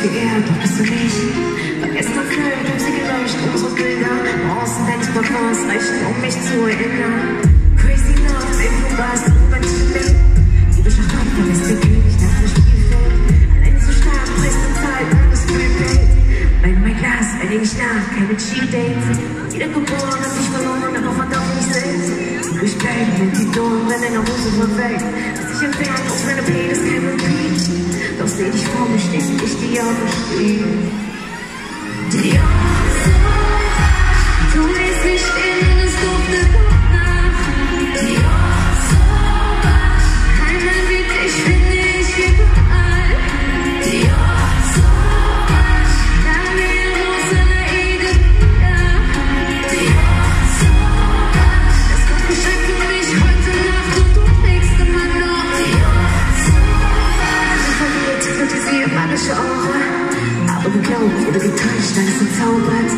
nicht gegehrt, doch bist du nicht. Vergesst und füllt durch sie gelöscht unsere Bilder. Bronzen, Denksparkons reichen, um mich zu erinnern. Crazy Nacht, wenn du warst, wenn ich bin. Liebe Schachmann, vermisst den König nach dem Spielfeld. Allein zu stark, presst in Zeit, alles Spielfeld. Wenn mein Glas, wenn ich nach, keine Cheat Dates. geboren hat sich verloren, aber verdammt mich selbst. Ich bleib mit die Dorn, wenn deine Hose verwelkt. Dass ich entfernt, auf meine Playlist olmuştuk, ihtiyar olmuştuk. du geglaubt oder getäuscht, alles verzaubert.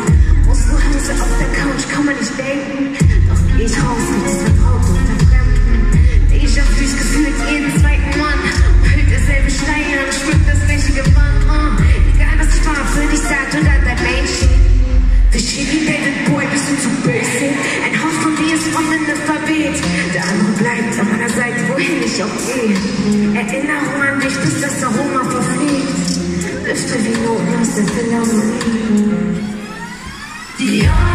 Musst du Hause auf der Couch, kann man nicht denken. Doch geh ich raus, mit dieser Vertraute unter Fremden. Ich vu, ich gefühlt jeden zweiten Mann. Hüllt derselbe Stein und spürt das gleiche Gewand. Oh, ah, egal was ich war, für dich sagt oder dein Mädchen. The shitty headed boy, bist du zu basic. Ein Haus von mir ist vom Analphabet. Der andere bleibt an meiner Seite, wohin ich auch gehe. Erinnerung an dich, bis das Aroma Este vino hace de la